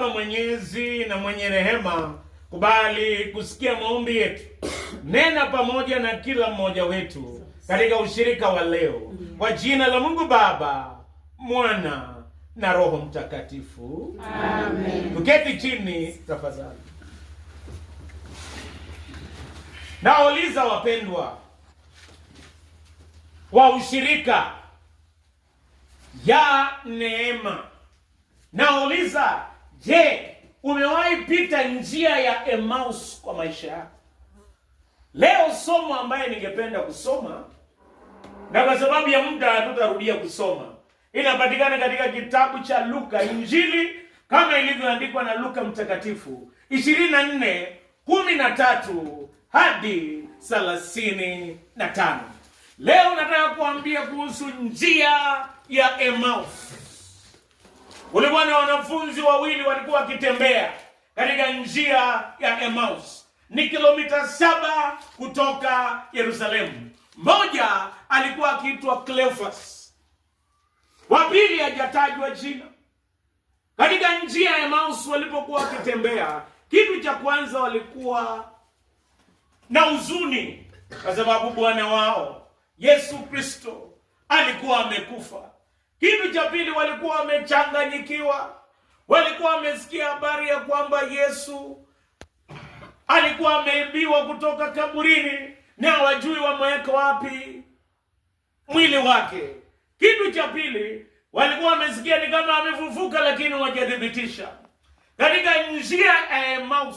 Baba mwenyezi na mwenye rehema, kubali kusikia maombi yetu, nena pamoja na kila mmoja wetu katika ushirika wa leo, kwa jina la Mungu Baba, Mwana na Roho Mtakatifu, amen. Tuketi chini tafadhali. Nawauliza wapendwa wa ushirika ya neema, nauliza Je, umewahi pita njia ya Emmaus kwa maisha yako? Leo somo ambaye ningependa kusoma na kwa sababu ya muda hatutarudia kusoma, inapatikana katika kitabu cha Luka, Injili kama ilivyoandikwa na Luka mtakatifu 24 13 hadi na 35. Leo nataka kuambia kuhusu njia ya Emmaus. Kulikuwa na wanafunzi wawili walikuwa wakitembea katika njia ya Emmaus, ni kilomita saba kutoka Yerusalemu. Mmoja alikuwa akiitwa Cleophas, wa pili hajatajwa jina. Katika njia ya Emmaus walipokuwa wakitembea, kitu cha kwanza walikuwa na huzuni kwa sababu bwana wao Yesu Kristo alikuwa amekufa. Kitu cha pili, walikuwa wamechanganyikiwa, walikuwa wamesikia habari ya kwamba Yesu alikuwa ameibiwa kutoka kaburini na wajui wameweka wapi mwili wake. Kitu cha pili, walikuwa wamesikia ni kama amefufuka, lakini wajathibitisha Katika njia ya eh, Emmaus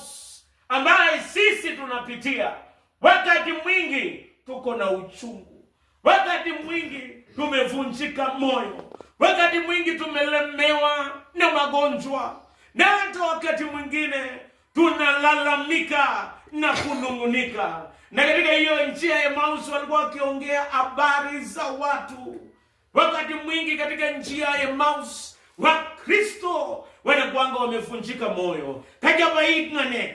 ambayo sisi tunapitia wakati mwingi, tuko na uchungu, wakati mwingi tumevunjika moyo Wakati mwingi tumelemewa na magonjwa, na hata wakati mwingine tunalalamika na kunung'unika. Na katika hiyo njia ya Emausi walikuwa wakiongea habari za watu. Wakati mwingi katika njia ya Emausi Wakristo wanakwanga wamevunjika moyo, kajaba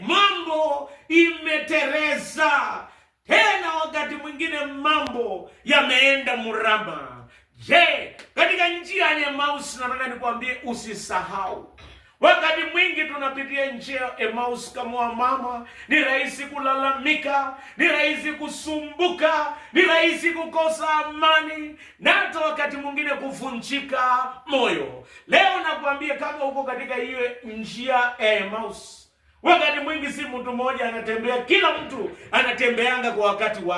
mambo imetereza tena, wakati mwingine mambo yameenda murama Je, katika njia ya Emmaus nataka nikwambie usisahau. Wakati mwingi tunapitia njia ya Emmaus kama mama, ni rahisi kulalamika, ni rahisi kusumbuka, ni rahisi kukosa amani na hata wakati mwingine kuvunjika moyo. Leo nakwambia kama uko katika hiyo njia ya wakati mwingi si mtu mmoja anatembea, kila mtu anatembeanga kwa wakati wa